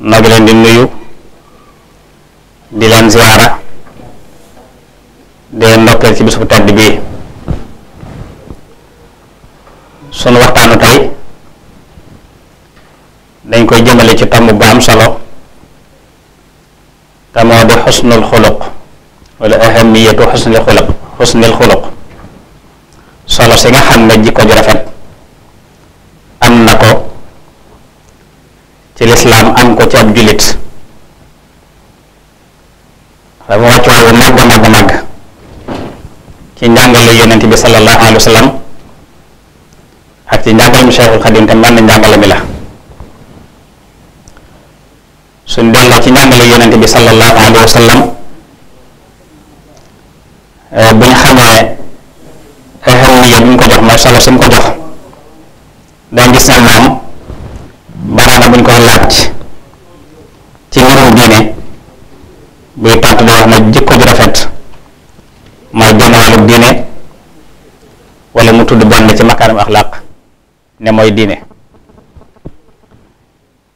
noo leen di nuyu di leen ziyaara di leen ci bis bu tedd bii sunu waxtaanu tey dañ koy jëmale ci tomb bu am solo te moo di xusnul xuluq wala ahamiyatu xusnil xuluq xusnil xuluq solo si nga xam ne jikko ju rafet lislaam am ko ci jullit dafa wàccuwaay wu màgg a màgg a màgg ci njàngale yonent bi sallallahu alayhi wa ak ci njàngalem Cheikhul Xadim te mën njàngale mi la suñ delloo ci njàngale yonent bi sallallahu alayhi wa eh, bu ñu xamee eh, ahamiya bi mu ko jox mooy solo su ko jox wàllum axlaaq ne mooy diine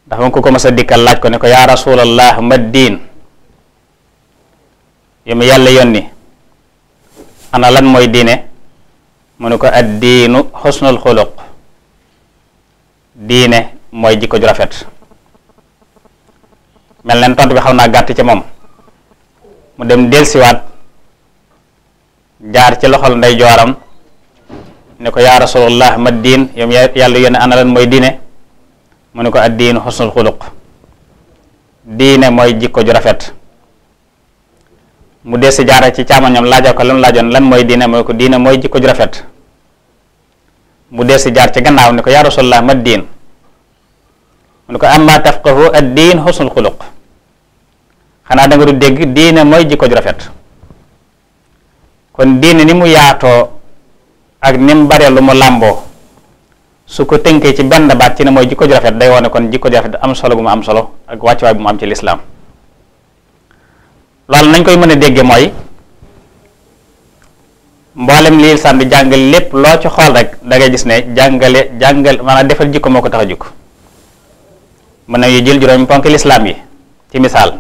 ndax mu ko ko mas a dikkal laaj ko ne ko yaa rasulallah ma diin yu mu yàlla yónni lan mooy diine mu ne ko ad diinu xusnul xuluq diine mooy jikko ju rafet mel leen tontu bi xaw naa gàtt ci moom mu dem delsiwaat jaar ci loxol ndey jooram ne ko yaa rasulallah ma diin yow yàlla yónne ana lan mooy diine mu ne ko ad diin xusnul xuluq diine mooy jikko ju rafet mu des jaara ci càmmoñam laajoo ko lan laajoon lan mooy diine mooy ko diine mooy ju rafet mu des jaar ci gannaaw ne ko yaa rasulallah ma diin mu ne ko amma tafqahu ad diin xusnul xuluq xanaa danga du dégg diine mooy jikko ju rafet kon diine ni mu yaatoo ak ni mu bare lu mu làmboo su ko tënkee ci benn baat ci ne mooy jikko ju rafet day wane kon jikko ju rafet am solo bu ma am solo ak wàcc bu mu am ci lislaam loolu nañ koy mën a dégge mooy mboolem lii lislaam jàngale lépp loo ci xool rek dangay gis ne jàngale jàngal maanaam defal jikko moo ko tax a jukk mën na yu jël juróomi ponk lislaam yi ci misaal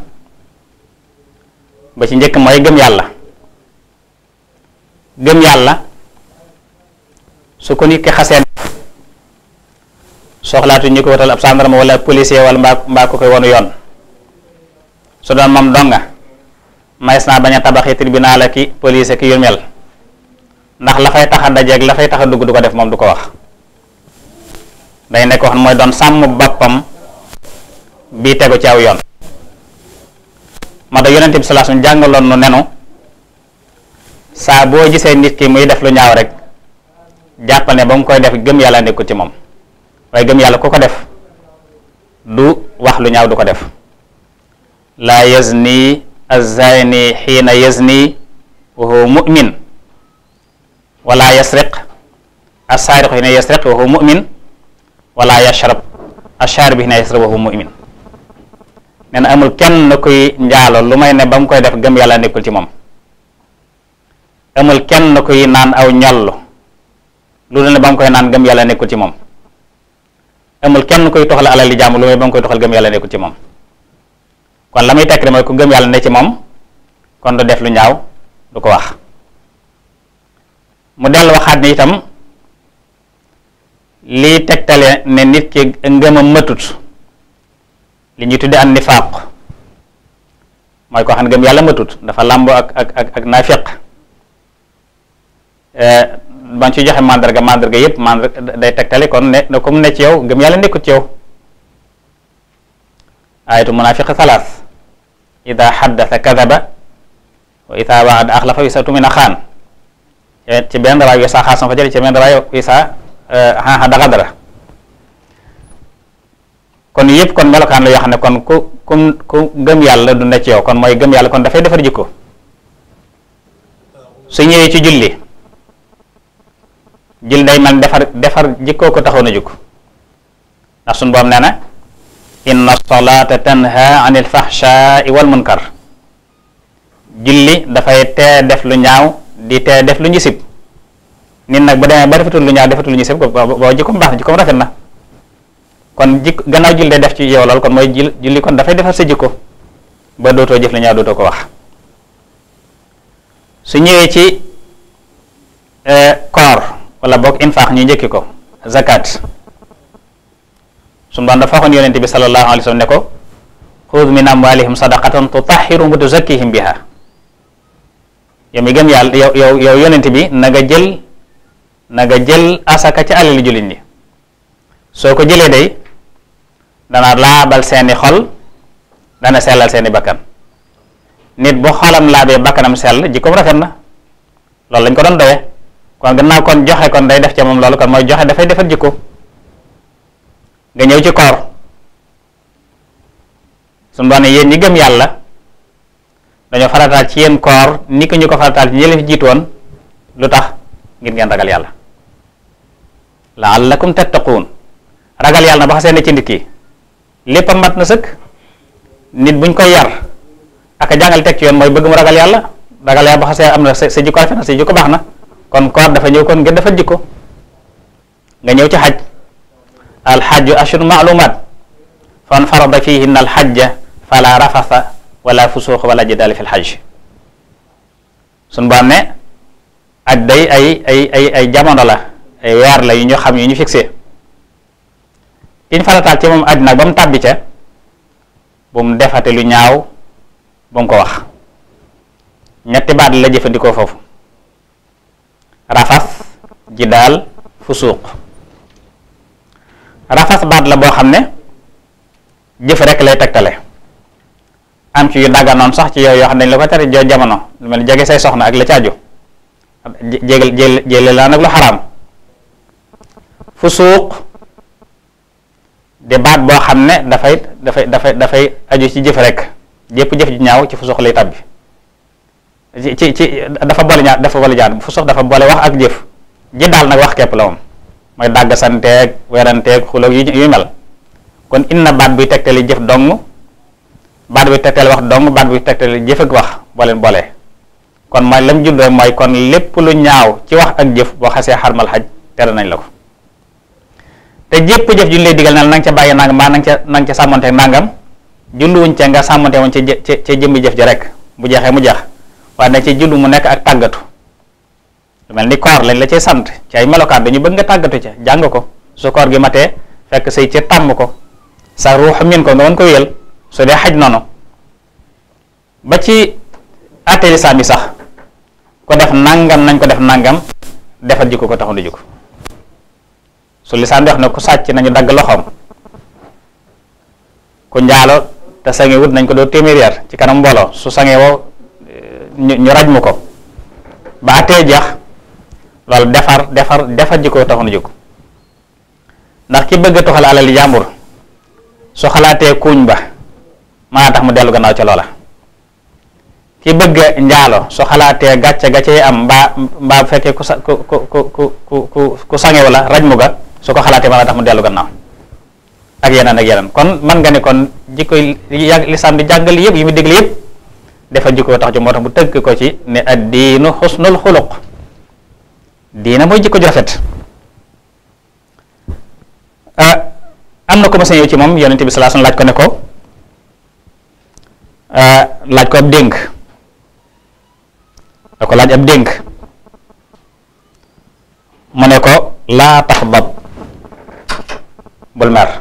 ba ci njëkk mooy gëm yàlla gëm yàlla su ko nit ki xasee soxlaatu ñu ko watal ab sàndarma wala policier wala mbaa mbaa ko koy wanu yoon su doon moom donga mays naa bañ a tabaxi tribunal ak i police ki yu mel ndax la fay tax a dajeeg tax dugg du ko def moom du ko wax day nekk mooy doon sàmm boppam bii tegu ci aw yoon moo tax yonente bi salaa suñ jàngaloon nu nenu saa boo gisee nit ki muy def lu ñaaw rek jàppal ne ba mu koy def gëm yàlla nekkul ci moom waaye gëm yàlla ku ko def du wax lu ñaaw du ko def laa yazni az-zani xiina yazni wa huwa mu'min wala yasriq as-saariqu xiina yasriq wa huwa mu'min wala yashrab ash-shaaribu wa huwa mu'min nee na amul kenn na koy njaalo lu may ne ba mu koy def gëm yàlla nekkul ci moom amul kenn na koy naan aw ñollu lu ne ba mu koy naan gëm yàlla nekkul ci moom amul kenn koy toxal alal li jàmm lu may ba mu koy toxal gëm yàlla nekkul ci moom kon la muy tekk mooy ku yàlla ne ci moom kon def lu ñaaw ko wax mu dellu waxaat ni tegtale nit ki ngëmam li ñuy tudde an nifaaq mooy koo xam ne gëm yàlla matut dafa làmb ak ak ak ba ci joxe mandarga mandarga yëpp mandarga day tegtale kon ne ne comme ne ci yow gëm yàlla nekkut ci yow ayatu munafiq salaas ida xaddasa kadaba wisa xaasan fa jële ci benn raay wisa eh, xaaxa daxadara kon yëpp kon melokaan la yoo xam ne kon ku ku ku gëm du ne ci yow kon mooy gëm yàlla kon dafay defar jikko su ñëwee ci julli jël day mal defar defar jikkoo ko taxoon a jóg ndax suñu boroom nee na inna a tanha anil fahshaai wal munkar julli dafay tee def lu ñaaw di tee def lu ñu sib nit nag bu demee ba defatul lu ñaaw defatul lu ñu sib ko boo jikkoom baax na jikkoom rafet na kon jikk gannaaw julli day def ci yow lool kon mooy jil julli kon dafay defar sa jikko ba dootoo jëf lu ñaaw dootoo ko wax su ñëwee ci eh, koor wala boog infaq ñu njëkki ko zakat suñu baan dafa waxoon yonente bi sallallahu alayhi wa sallam ne ko xud min amwalihim sadaqatan tutahhiruhum wa tuzakkihim biha yow mi gëm yàlla yow bi na nga jël na jël asaka ci alali jullit ñi soo ko jëlee day dana laabal seeni xol dana sellal seeni bakkan nit bu xolam laabee bakkanam sell jikkoom rafet na loolu lañ ko doon doyee kon gannaaw kon joxe kon day def ca moom loolu kon mooy joxe dafay defar jikko nga ñëw ci koor suñu doon ne yéen ñi gëm yàlla dañoo farataal ci yéen koor ni ko ñu ko farataal ci ñële fi jiitu woon lu tax ngir ngeen ragal yàlla la laallakum tattaquun ragal yàlla na ba xasee ne ci nit ki lépp a mat na sëkk nit buñ koy yar ak a jàngal teg ci yoon mooy bëgg ragal yàlla ragal yàlla ba xasee am na sa jikko rafet na sa jikko baax na kon koor dafa ñëw kon ngir dafa jikko nga ñëw ci xaj alxaju ashur maalumaat fan farada fihinna alxajja fala rafasa wala fusuuq wala jidaal fi lxaj suñ ba ne aj day ay ay ay jamono la ay weer la yu ñu xam yu ñu fixé kiñ farataal ci moom aj nag ba mu tàbbi ca bu mu defate lu ñaaw bu mu ko wax ñetti baat la jëfandikoo foofu rafas fu suux rafas baat la boo xam ne jëf rek lay tegtale am ci yu dagganoon sax ci yooyu yoo xam ne dañ la ko tere joo jamono lu mel jege say soxna ak la caaju jégal jé jéle laa nag lu xaraam fusuuq di baat boo xam ne dafay dafay dafay dafay aju ci jëf rek jépp jëf ju ñaaw ci fusuuq lay tàbbi ci ci dafa boole ñaar dafa boole ñaar fusuux dafa boole wax ak jëf ji daal nag wax képp la moom mooy dàgg santeeg weranteeg xuloog yu mel kon inna baat buy tegtali jëf dong baat bi tegtali wax dong baat bi tegtali jëf ak wax boo boole kon mooy lam juddoo mooy kon lépp lu ñaaw ci wax ak jëf boo xasee xarmal xaj tere nañ la ko te jëpp jëf ju ñu lay digal na nga ca bàyyi nangam mbaa na nga ca na nga ca sàmmonteeg nangam julluwuñ ca nga sàmmonte woon ca ca jëmmi jëf ji rek bu jeexee mu jeex waaye na ci jullu mu nekk ak tàggatu lu mel ni koor lañ la cee sant ci ay melokaan dañu bëgg nga tàggatu ca jàng ko su koor gi matee fekk say ci tàmm ko sa ruux min ko nga mën ko wéyal su dee xaj noonu ba ci àtte lislaam yi sax ko def nangam nañ ko def nangam defal jikko ko taxu na jikko su lislaam di wax ne ku sàcc nañu dagg loxoom ku njaalo te sange wut nañ ko doo téeméer yar ci kanam mbooloo su sange woo ñu raj mu ko ba atee jeex loolu defar defar defar ji ko taxoon jóg ndax ki bëgg a toxal alali jàmbur su xalaatee kuuñ ba maa tax mu dellu gannaaw ca loola ki bëgg a njaalo su xalaatee gàcce gàcce yi am mbaa mbaa fekkee ku sa ku ku ku ku sange sangewu la raj mu ga su ko xalaatee maa tax mu dellu gannaaw ak yeneen ak yeneen kon mën nga ne kon jikkoy yàgg lislaam di jàngale yëpp yi mu digle yëpp defar jikko tax ju moo tax mu tëgg ko ci ne ad diinu xusnul xuluq diina mooy jikko ju rafet ah, am na ko ma ñëw ci moom yonent bi sallallahu alayhi wasallam laaj ko ne ko ah, laaj ko ab dénk da laaj ab dénk mu ne ko laa tax bab bul mer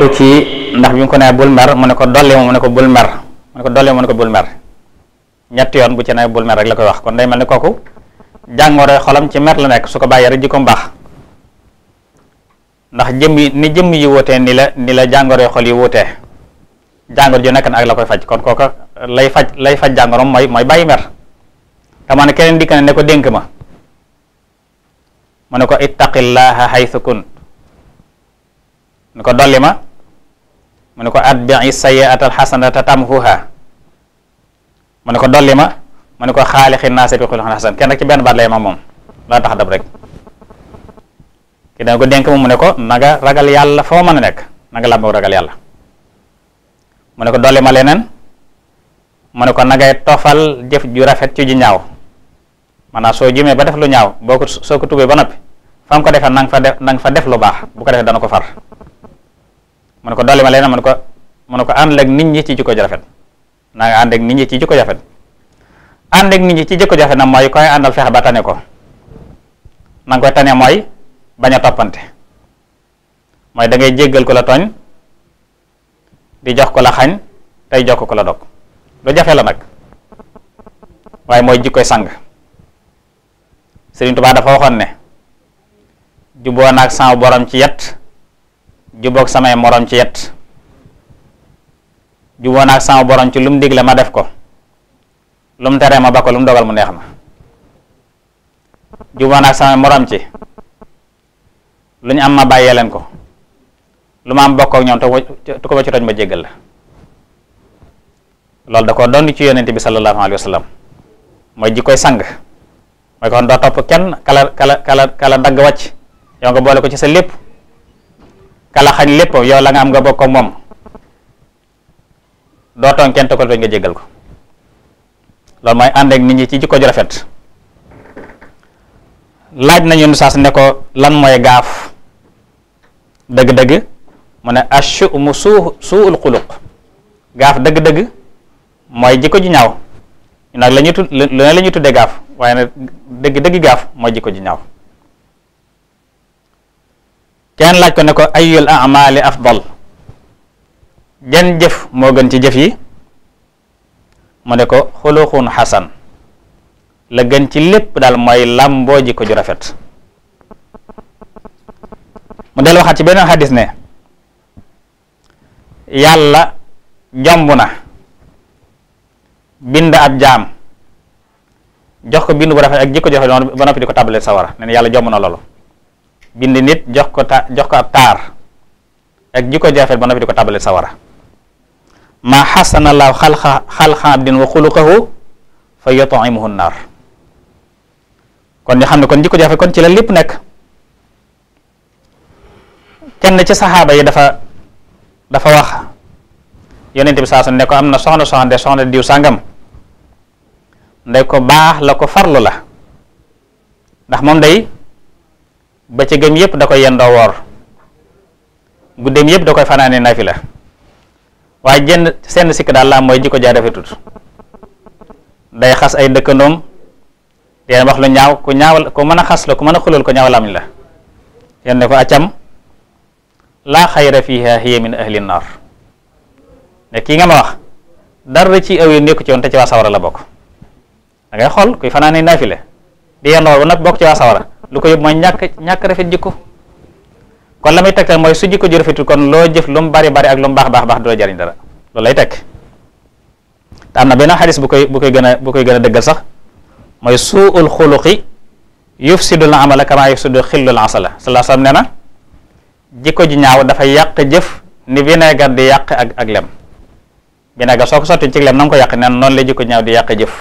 ko ci ndax bi mu ko nee bul mer mu ne ko dolli ma mu ne ko bul mu ne ko dolli ma mu ñetti yoon bu ci nee bul mer la koy wax kon mel ni kooku jàngoro xolam ci la nekk su ko bàyyee rek jikkoom baax ndax ni jëmm yi wutee la ni jàngoro xol yi wutee jàngoro ju nekk la koy faj kon lay faj lay faj jàngoroom mooy mooy bàyyi mer tamaa ne ko dolli ma mu ne ko atbii sayyi'ata alxasanata tamhuha mu ne ko dolli ma mu ne ko xaalixi naasi bi xuluqin xasan kenn rek ci benn baat lay ma moom laa tax dab rek ki dana ko denk mu mu ne ko na nga ragal yàlla foo mën a nekk na nga làmboog ragal yàlla mu ne ko dolli ma leneen mu ne ko na ngay tofal jëf ju rafet ci ju ñaaw maanaam soo jumee ba def lu ñaaw boo ko soo ko tubee ba noppi ko defee na na nga fa def lu baax bu ko defee dana ko far mu ne ko dolli ma ko mu ne ko ànd ak nit ñi ci jikko naa nga ànd ak nit ñi ci ci jikko ju rafet nag mooy koy àndal fexe ba tane ko na koy tane mooy bañ a toppante mooy da ngay jéggal ko la tooñ di jox ko la xañ tey jox ko la dog lu jafe la nag waaye mooy jikkoy sang Sëriñ Tuubaa dafa waxoon ne juboo naag sama borom ci yet jubóog samay moroom ci yet juboo naag sama borom ci lu mu digle ma def ko lu mu teree ma ba ko lu mu dogal mu neex ma juboo naag samay moroom ci lu ñu am ma bàyyee leen ko lu ma am bokk ak ñoom te ko ba ci tooñ ma jéggal la loolu da ko doon ci yonent bi sallallahu alayhi wa mooy ji koy sang mooy kon doo topp kenn kala kala kala kala dagg wàcc yow nga boole ko ci sa lépp kala xañ lépp yow la nga am nga bokk moom doo tooñ kenn te ko tooñ nga jéggal ko loolu mooy ànd ak nit ñi ci jikko ju rafet laaj nañu nu saas ne ko lan mooy gaaf dëgg-dëgg mu ne ashu mu suu suul xuluq gaaf dëgg-dëgg mooy jikko ju ñaaw nag la ñuy tudd lu la ñuy tuddee gaaf waaye dëgg-dëgg gaaf mooy jikko ju ñaaw kenn laaj ko ne ko ayul amali afdal jan jëf moo gën ci jëf yi mu ne ko xuluxun xasan la gën ci lépp daal mooy làmboo ji ko ju rafet mu del waxaat ci beneen xadis ne yàlla jomb na bind ab jaam jox ko bind bu rafet ak jikko ju rafet ba noppi di ko tàbbaleel sawara ne yàlla jomb na loolu bind nit jox ko ta jox ko ab taar ak ji ko jaafet ba noppi di ko tàbbaleel sawara maa xasanallaahu xalqa xalqa abdin wa xuluqahu fa yut'imuhu naar kon ñu xam ne kon jikko jaafet kon ci la lépp nekk kenn ci saxaaba yi dafa dafa wax yonent bi saa su ne ko am na soxna soxna de soxna diw sàngam ndey ko baax la ko farlu la ndax moom day ba ci gëm yépp da koy yendoo woor guddeem yépp da koy fanaane nafila waaye jenn seen sikk daal la mooy jikko jaa rafetut day xas ay dëkkandoom teen wax lu ñaaw ku ñaawal ku mën a xas la ku mën a xulal ko ñaaw lamiñ la teen ko accam laa xayra fiha hiya min ahli naar ne kii nga ma wax dara ci aw yi nekku ci woon te ci waa la bokk da ngay xool kuy fanaane nafila di yendoo ba nag bokk ci waa lu ko yóbbu mooy ñàkk ñàkk rafet jikko kon la muy tegtal mooy su jikko ji rafetul kon loo jëf lu mu bari bari ak lu mu baax baax baax du la jariñ dara loolu lay teg te am na benn xadis bu koy bu koy gën a bu koy gën a dëggal sax mooy suul xuluqi yufsidul amala kama yufsidu xillul asala salaa sa nee na jikko ji ñaaw dafa yàq jëf ni vinaigre di yàq ak ak lem vinaigre soo ko sotti ci lem na nga ko yàq neen noonu la jikko ji ñaaw di yàq jëf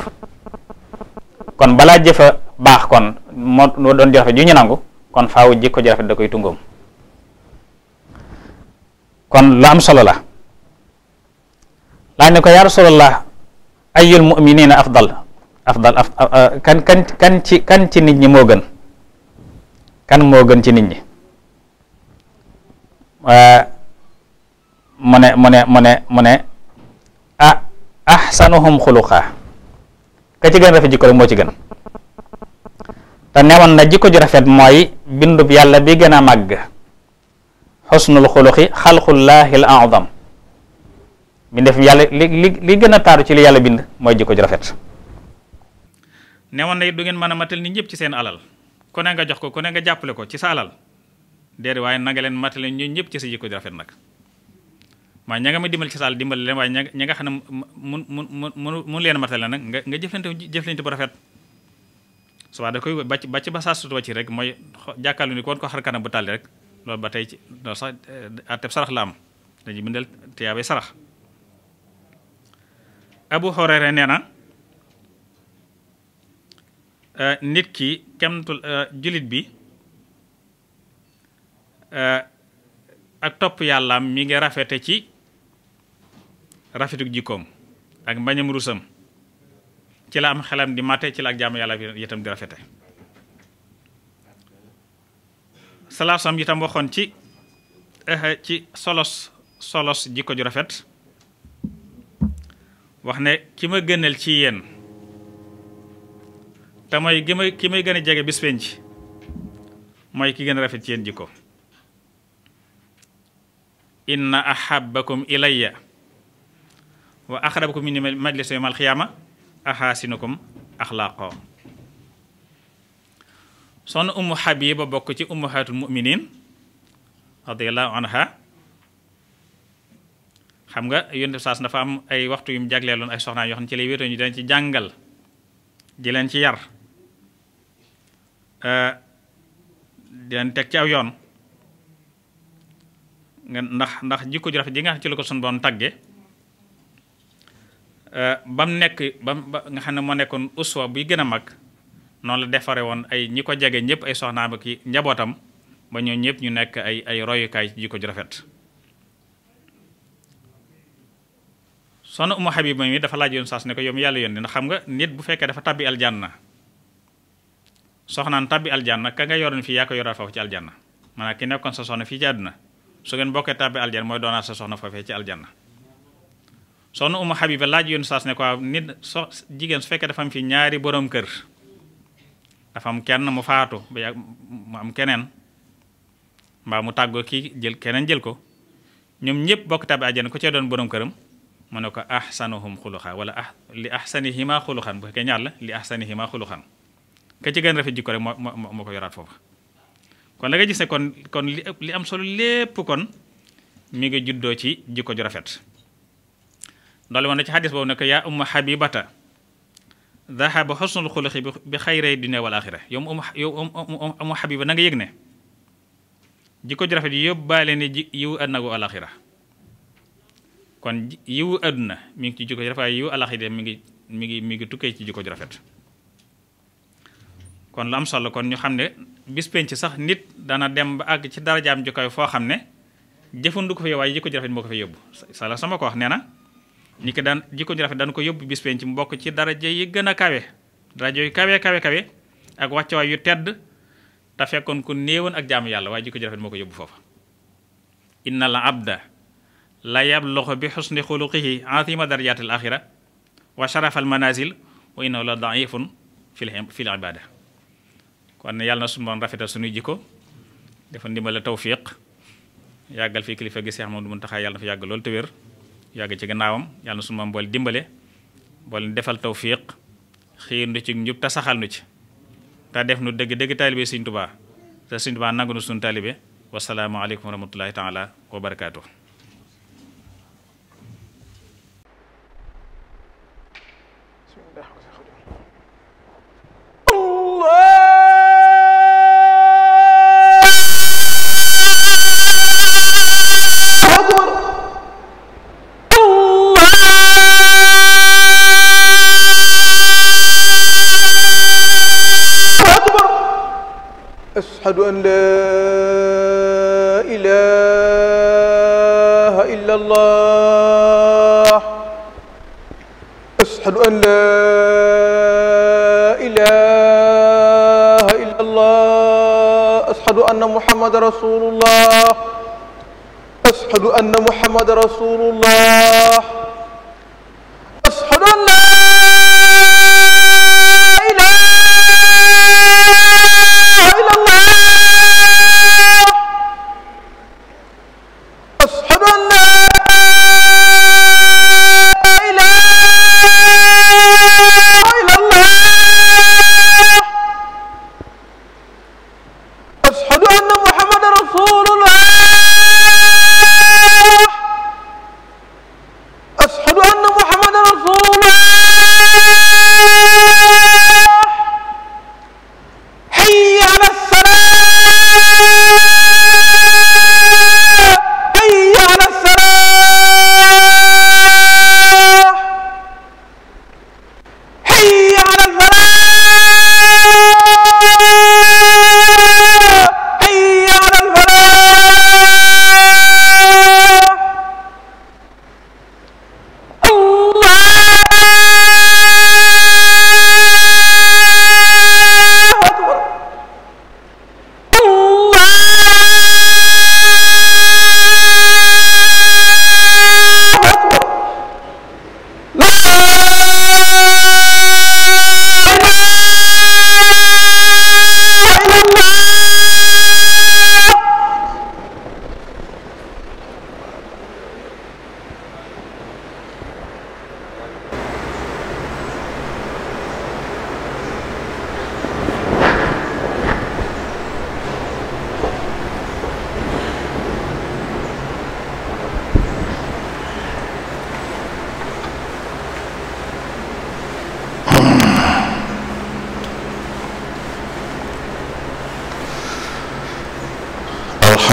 kon balaa jëfa baax kon moo doon joxe ju ñu nangu kon faaw jikko ji rafet da koy tungoom kon la am solo la laaj ne ko yaa rasulallah ayul muminina afdal afdal af uh, uh, kan kan kan ci kan ci nit ñi moo gën kan moo gën ci nit ñi uh, mu ne mu ne mu ne mu ne ah ahsanuhum xuluqa ka ci gën rafet jikko rek moo ci gën te newoon na jikko ju rafet mooy bindub yàlla bi gën a màgg xusnul xuluxi xalqullaahi l azam bi def yàlla li li li gën a taaru ci li yàlla bind mooy jikko ju rafet newoon na it du ngeen mën a matal nit ñëpp ci seen alal ku ne nga jox ko ku ne nga jàppale ko ci sa alal déedéet waaye na nga leen matale ñun ñëpp ci sa jikko ju rafet nag waaye ña nga ma dimbali ci saal dimbali leen waaye ña nga xam ne mun mun mu mun leen matale nag nga nga jëflante jëflante bu rafet subaa da koy bàcc ba saa su wàcc rek mooy jàkkaarlu ni kon ko xar kanam bu rek loolu ba tey ci loolu sax eh, àtteb sarax la am dañuy nee na eh, nit ki kemtul eh, julit bi ak topp yàllaam mi nga rafete ci rafetuk jikkoom ak mbañam rusam ci la am xelam di màtte ci la ak jaamu yàlla bi di rafete salaasam itam waxoon ci eh, ci solos solos jikko ju rafet wax ne ki ma gënal ci yéen te ki may ki may gën a jege bis penc mooy ki gën rafet ci yéen jikko inna ahabbakum ilayya wa axrabakum min ma yawmal xiyaama axaasinakum axlaaqa soxna ummu Habiba bokk ci ummahatul muminin radiyallahu anha xam nga yonent saas dafa am ay waxtu yu mu jagleeloon ay soxna yoo xam ne ci lay wéetoo ñu dañ ci jàngal di leen ci yar euh, di leen teg ci aw yoon nga ndax ndax jikko ju rafet ji nga xam ci la ko sun boon tagge Euh, ba mu nekk ba mu nga xam ne moo nekkoon uswa bi gën a mag noonu la defare woon ay ñi ko jege ñëpp ay soxnaam ak i njabootam ba ñoo ñëpp ñu nekk ay ay royukaay ji ko ju rafet soxna Umu Habiba mi dafa laaj yoon saas ne ko yow yàlla yónni ndax xam nga nit bu fekkee dafa tabbi aljanna soxnaan tabbi aljanna ka nga yoroon fii yaa ko yoraat foofu ci aljanna maanaam ki nekkoon sa soxna fii ci àdduna su ngeen bokkee tabbi aljanna mooy doonaat sa soxna foofee ci aljanna soo soxna Umu Habiba laaj yoon saas ne ko waaw nit so jigéen su fekkee dafa fi ñaari borom kër dafa kenn mu faatu ba mu am keneen mbaa mu tàggoo kii jël keneen jël ko ñoom ñëpp bokk tabi àjjana ko cee doon boroom këram mu ne ko ahsanuhum xuluxa wala ah li ahsanihima xuluxan bu fekkee ñaar la li ahsanihima xuluxan ka ci gën rafet jikko rek moo moo moo ko yoraat foofu kon la nga gis ne kon kon li li am solo lépp kon mi ngi juddoo ci jikko ju rafet doole woon ci xadis boobu ne ko yaa umma xabibata dahaba xusnul xuluqi bi xayrey dunya wal axira yow mu yow xabiba na nga yëg ne jikko ju rafet yóbbaale ne ji yiwu àdduna gu alaxira mi ngi ci jikko ju rafet waaye yiwu alaxira mi ngi mi ngi mi ngi tukkee ci jikko ju rafet kon lu am solo kon ñu xam ne bis sax nit dana dem ba àgg ci darajaam jaam kaw foo xam ne jëfandu ko fa waaye jikko ju rafet moo ko fa yóbbu sala sama ko wax nee na ñi ko daan jikko ju rafet daan ko yóbbu bis penc mu bokk ci daraja yi gën a kawe rajo yi kawe kawe kawe ak wàccuwaay yu tedd te fekkoon ku néewoon ak jaamu yàlla waaye jikko ju rafet moo ko yóbbu foofa inna la abda la loxo bi xusni xuluqihi azima darajaat al axira wa sharaf al manazil wa innahu la daifun fil fil ibada kon yàlla na suñu borom rafetal suñuy jikko dafa ndimbale tawfiq yàggal fii kilifa gi Seex Mamadu Muntaxa yàlla na fi yàgg loolu te yàgg ci gannaawam yàlla na sunu maam boole dimbale boole defal tawfiq xiir nu ci njub te saxal ci te def nu dëgg dëgg taalibe Sëriñ Tuubaa te Sëriñ Tuubaa nangu nu sunu taalibe wassalaamu aleykum wa rahmatullahi taala ashhadu an laa ilaaha illa allah ashhadu an laa ilaaha illa allah ashhadu anna muhammadan rasulullah ashhadu anna muhammadan rasulullah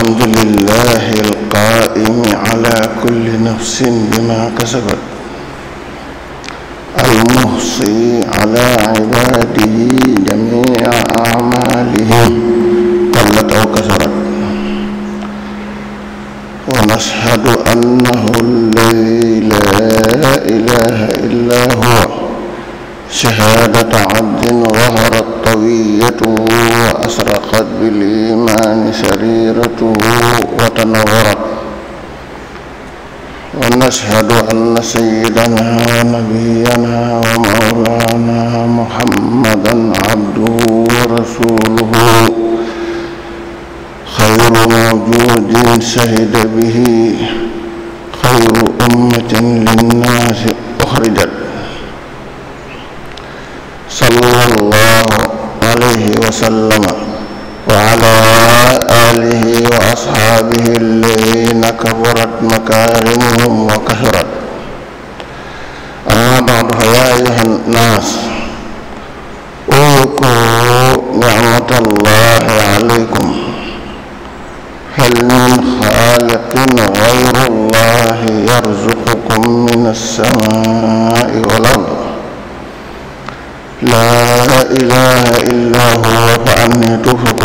alhamdulillahi alqaa'imi ala kulli nafsin bima kasabat almuhsi ala ibaadihi jamiica acmaalihim qallat aw kasarat wa nashhadu annahu alladi laa ilaaha illaa huwa shahaadata cabdin waharat tawiyatuhu wa asra ضاقت بالإيمان سريرته وتنورت ونشهد أن سيدنا ونبينا ومولانا محمدا عبده ورسوله خير موجود شهد به خير أمة للناس أخرجت صلى الله عليه وسلم وعلى آله وأصحابه الذين كبرت مكارمهم وكثرت أما بعد فيا أيها الناس اذكروا نعمة الله عليكم هل من خالق غير الله يرزقكم من السماء والأرض لا إله إلا هو فأني تؤفكون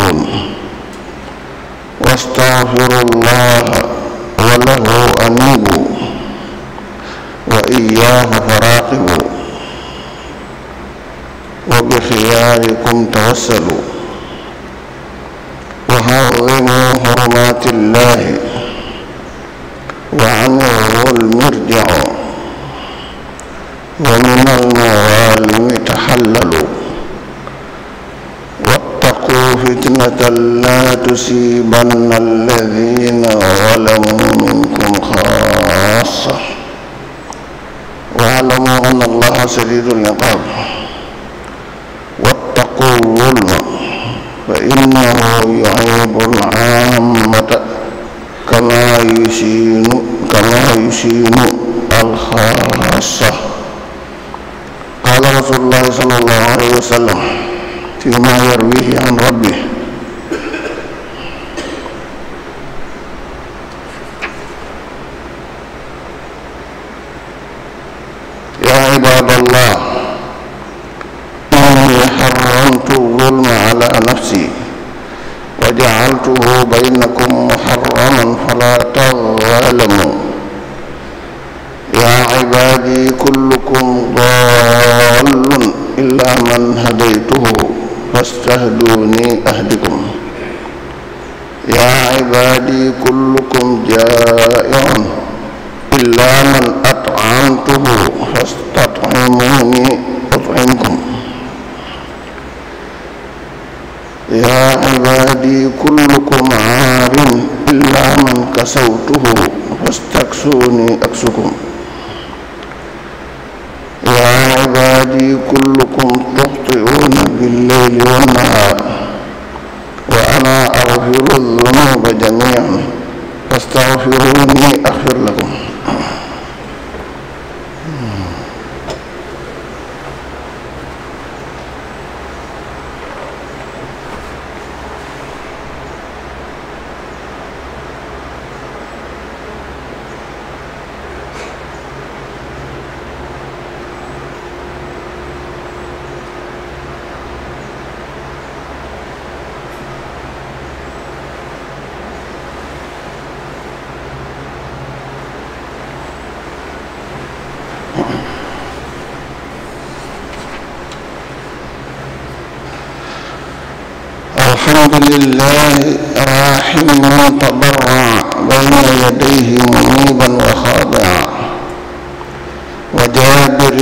تصيبن الذين ظلموا منكم خاصة واعلموا أن الله شديد العقاب واتقوا الظلم فإنه يعيب العامة كما يشين كما يشين الخاصة قال رسول الله صلى الله عليه وسلم فيما يرويه عن ربه عبادي كلكم جائع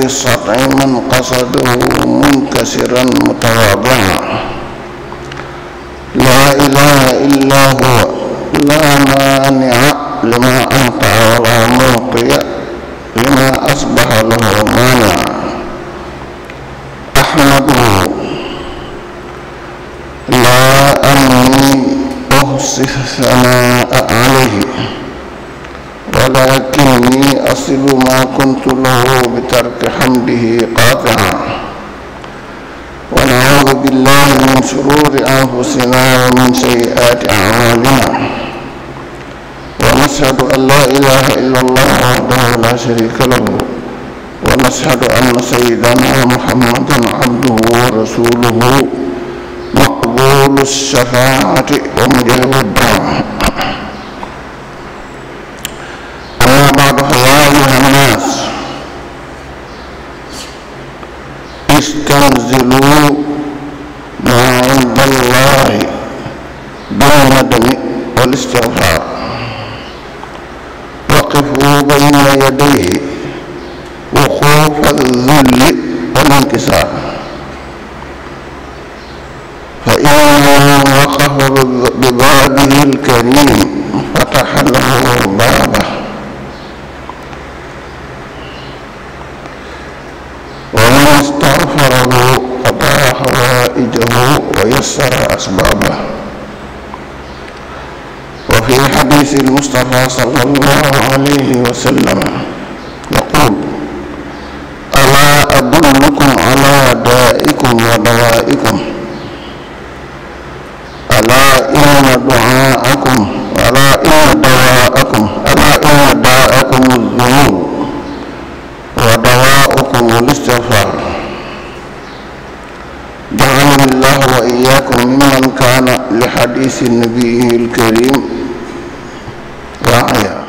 صرعما قصده منكسرا متواضعا لا إله إلا هو لا مانع لما أعطى ولا معطي لما أصبح له مانع أحمده لا أني أحصي ثناء بحمده قاطعا ونعوذ بالله من شرور أنفسنا ومن سيئات أعمالنا ونشهد أن لا إله إلا الله وحده لا شريك له ونشهد أن سيدنا محمدا عبده ورسوله مقبول الشفاعة ومجاب الدعوة ويسر أسبابه وفي حديث المصطفى صلى الله عليه وسلم ببعث نبيه الكريم راعيا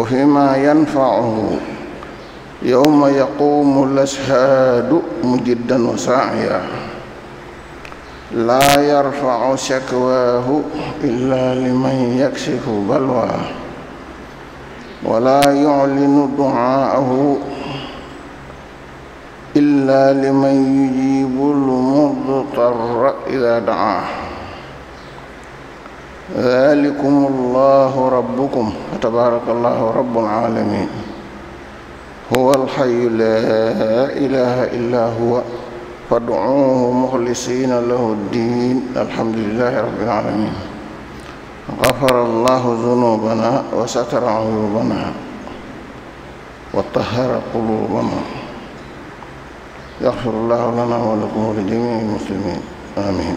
وفيما ينفعه يوم يقوم الأشهاد مجدا وساعيا لا يرفع شكواه إلا لمن يكشف بلواه ولا يعلن دعاءه إلا لمن يجيب المضطر إذا دعاه dalikum allahu rabbukum fa tabaraka allahu rabbul alamin huwa alxayu laa ilaha illa huwa fadcuuhu muxlisina lahu ddin alhamdulilahi rabbil alamin gafara allahu zunubana wa satara uyubana wa tahara qulubana yaxfiru llahu lana wa lakum wa li jamiil muslimin amin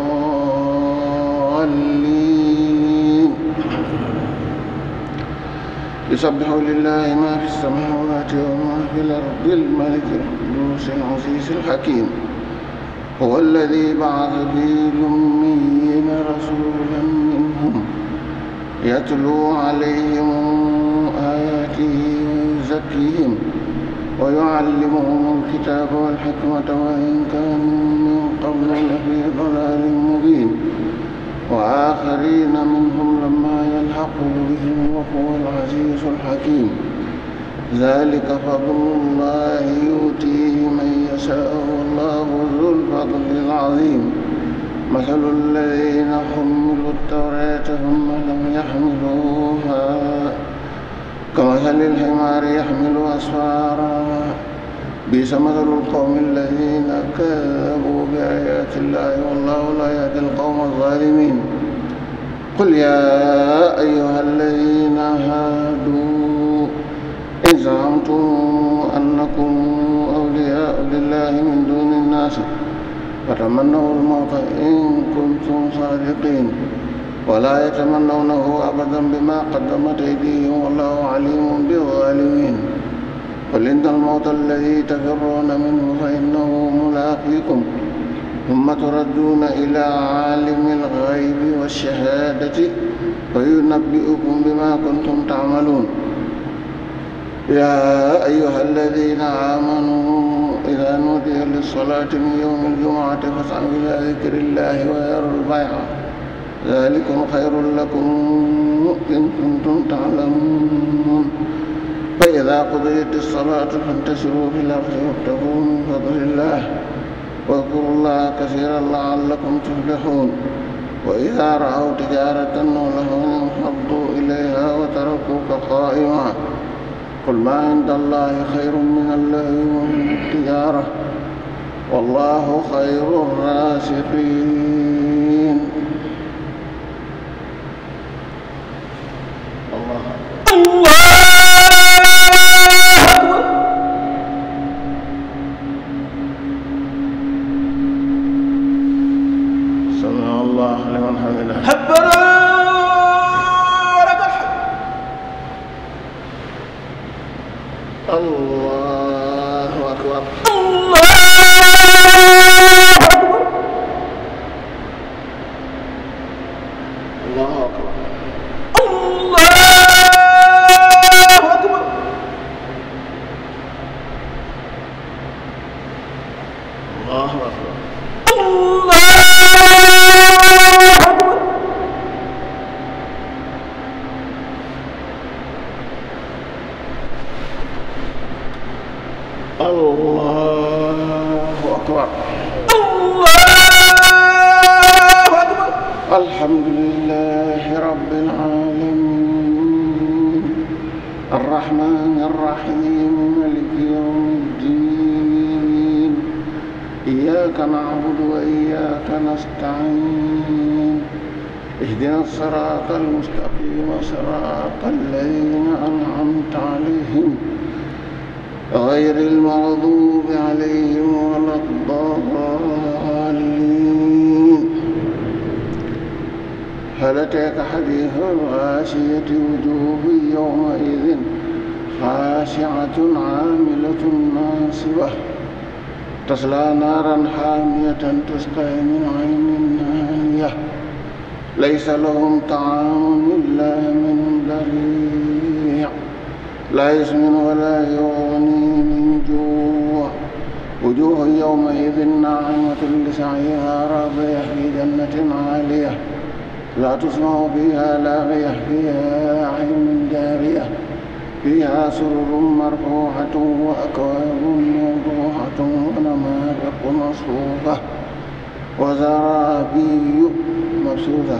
يسبح لله ما في السماوات وما في الأرض الملك القدوس العزيز الحكيم هو الذي بعث في الأميين رسولا منهم يتلو عليهم آياته ويزكيهم ويعلمهم الكتاب والحكمة وإن كانوا من قبل لفي ضلال مبين وآخرين منهم لما يلحقوا بهم وهو العزيز الحكيم ذلك فضل الله يؤتيه من يشاء والله ذو الفضل العظيم مثل الذين حملوا التوراة ثم لم يحملوها كمثل الحمار يحمل أسفارا بئس مثل القوم الذين كذبوا بآيات الله والله لا يهدي القوم الظالمين قل يا أيها الذين هادوا إن زعمتم أنكم أولياء لله من دون الناس فتمنوا الموت إن كنتم صادقين ولا يتمنونه أبدا بما قدمت أيديهم والله عليم بالظالمين ولد الموت الذي تفرون منه فإنه ملاقيكم ثم تردون إلى عالم الغيب والشهادة وينبئكم بما كنتم تعملون يا أيها الذين آمنوا إذا نودي للصلاة من يوم الجمعة فاسعوا إلى ذكر الله وذروا البيع ذلكم خير لكم إن كنتم تعلمون فإذا قضيت الصلاة فانتشروا في الأرض وابتغوا من فضل الله واذكروا الله كثيرا لعلكم تفلحون وإذا رأوا تجارة ولهوا انفضوا إليها وتركوك قائما قل ما عند الله خير من اللهو ومن التجارة والله خير الرازقين الله الله أكبر الله لهم طعام إلا من ضريع لا يسمن ولا يغني من جوع وجوه يومئذ ناعمة لسعيها راضية في جنة عالية لا تسمع فيها لاغية فيها عين جارية فيها سرر مرفوعة وأكواب موضوعة ونمارق مصفوفة وزرابي مبسوطة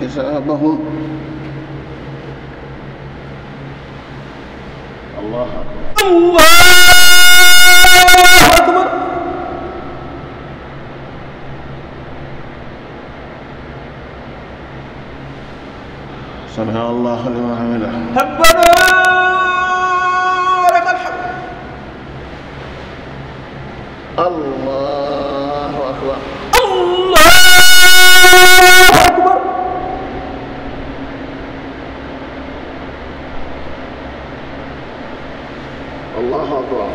حسابهم الله أكبر الله أكبر سمع الله لمن حمده ربنا الله أكبر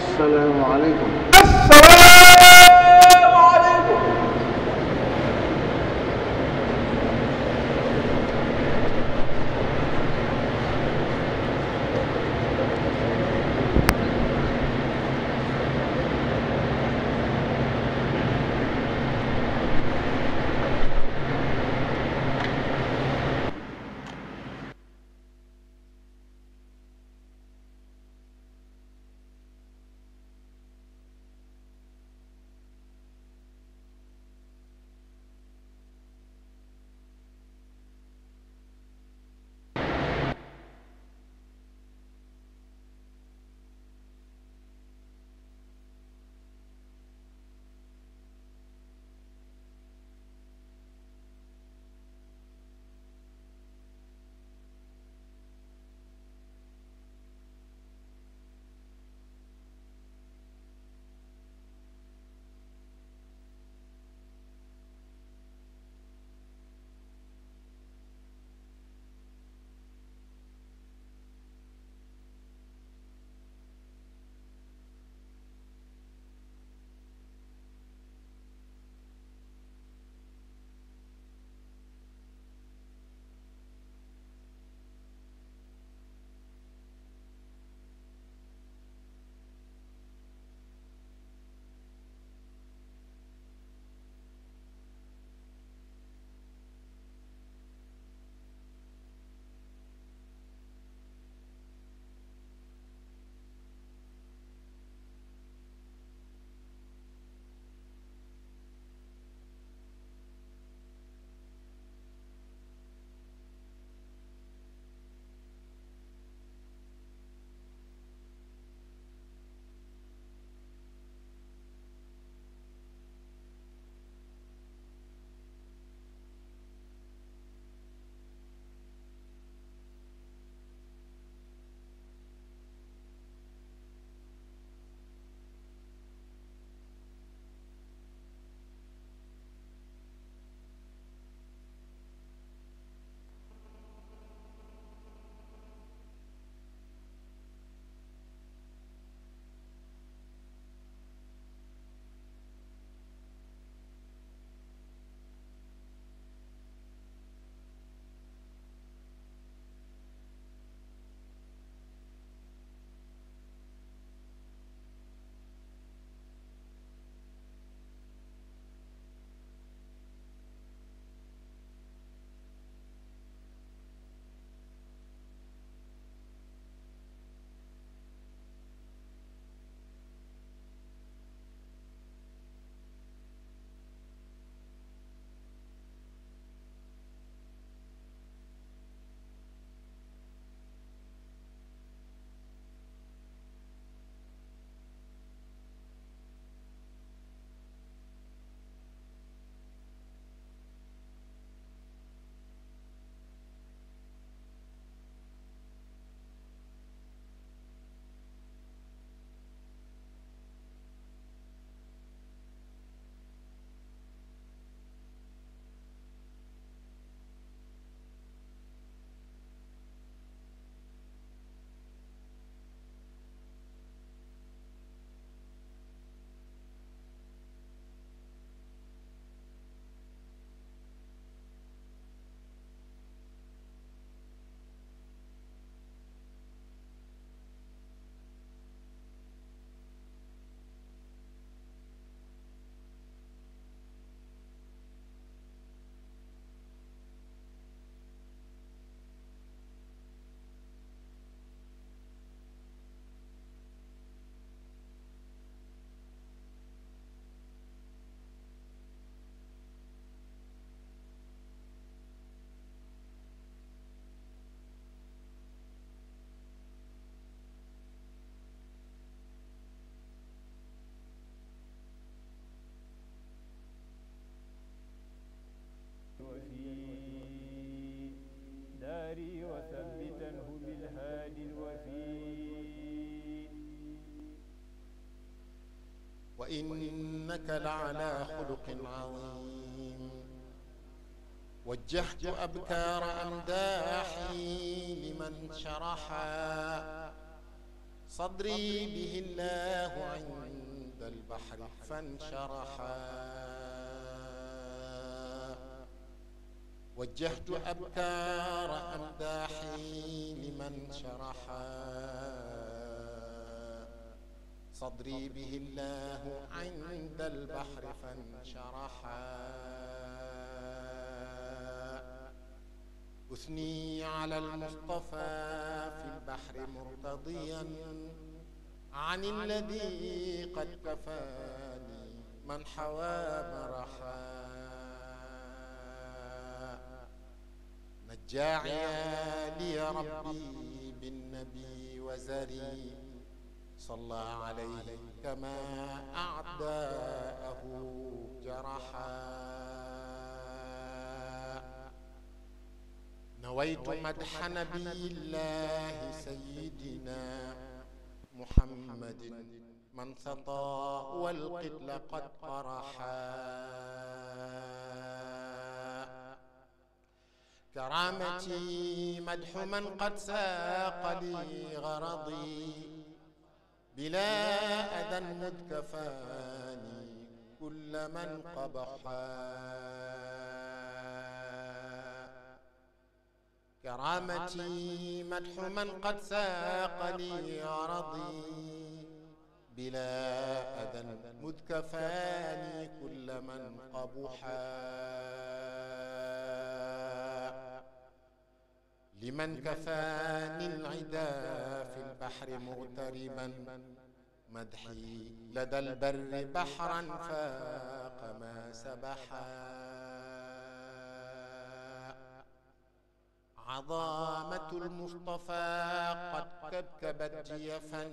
والسلام عليكم وإنك لعلى خلق عظيم وجهت أبكار أمداحي لمن شرحا صدري به الله عند البحر فانشرحا وجهت أبكار أمداحي لمن شرحا صدري به الله عند البحر فانشرحا أثني على المصطفى في البحر مرتضيا عن الذي قد كفاني من حوى مرحا نجاعيا لي ربي بالنبي وزري صلى عليه كما أعداءه جرحا نويت مدح نبي الله سيدنا محمد من سطى والقتل قد قرحا كرامتي مدح من قد ساق لي غرضي bilaa adan mutkafaani kulla man qabaxaa karaamati madxu man qad saaqani aradi bilaa adan mutkafaani kulla man qabaxaa liman kafaani al-idaa fi al-bahri mughtariban madhi lada al-barri bahran faaqa maa sabaha عظامة المصطفى قد كبكبت جيفا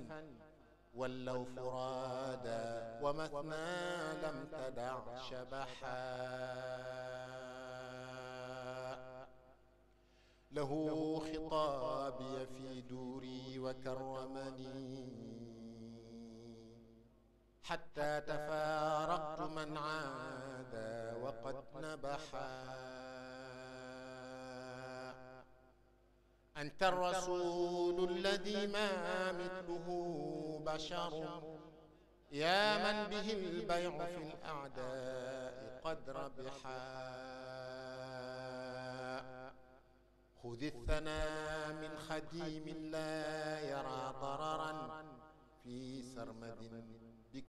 ولوا فرادا ومثنى لم تدع شبحا lahu xitaabiya fi duuri wa karramani xatta tafaaraqtu man aada wa qad nabaxa anta rasuulu alladi maa mithluhu basharun yaa man bihi lbay'u fi l a'daa'i qad rabixa خذ الثناء من خديم لا يرى ضررا في سرمد